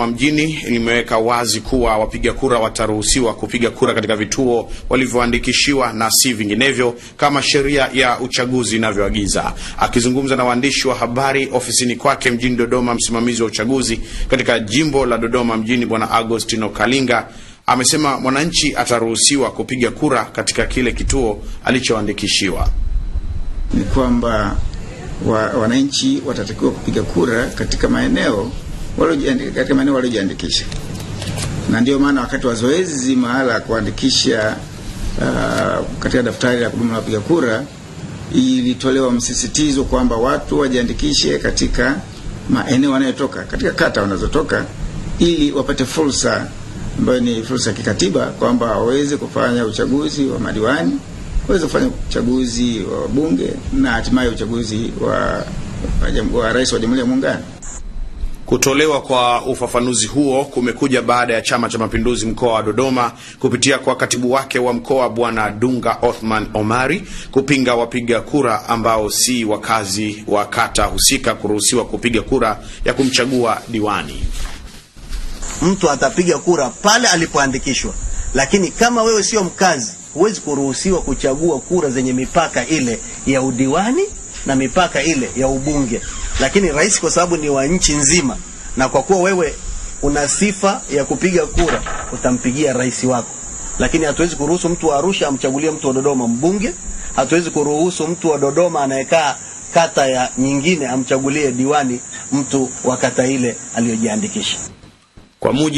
Dodoma mjini limeweka wazi kuwa wapiga kura wataruhusiwa kupiga kura katika vituo walivyoandikishiwa na si vinginevyo kama sheria ya uchaguzi inavyoagiza. Akizungumza na waandishi wa habari ofisini kwake mjini Dodoma, msimamizi wa uchaguzi katika jimbo la Dodoma mjini Bwana Agostino Kalinga amesema mwananchi ataruhusiwa kupiga kura katika kile kituo alichoandikishiwa. Ni kwamba wananchi watatakiwa kupiga kura katika maeneo katika maeneo waliojiandikisha, na ndio maana wakati wa zoezi mahala kuandikisha uh, katika daftari la kudumu la wapiga kura ilitolewa msisitizo kwamba watu wajiandikishe katika maeneo wanayotoka, katika kata wanazotoka, ili wapate fursa ambayo ni fursa ya kikatiba kwamba waweze kufanya uchaguzi wa madiwani, waweze kufanya uchaguzi wa bunge na hatimaye uchaguzi wa, wa, wa rais wa Jamhuri ya Muungano. Kutolewa kwa ufafanuzi huo kumekuja baada ya Chama cha Mapinduzi mkoa wa Dodoma kupitia kwa katibu wake wa mkoa Bwana Dunga Othman Omari kupinga wapiga kura ambao si wakazi wa kata husika kuruhusiwa kupiga kura ya kumchagua diwani. Mtu atapiga kura pale alipoandikishwa, lakini kama wewe sio mkazi, huwezi kuruhusiwa kuchagua kura zenye mipaka ile ya udiwani na mipaka ile ya ubunge. Lakini rais kwa sababu ni wa nchi nzima na kwa kuwa wewe una sifa ya kupiga kura, utampigia rais wako. Lakini hatuwezi kuruhusu mtu wa Arusha amchagulie mtu wa Dodoma mbunge, hatuwezi kuruhusu mtu wa Dodoma anayekaa kata ya nyingine amchagulie diwani mtu wa kata ile aliyojiandikisha kwa mujibu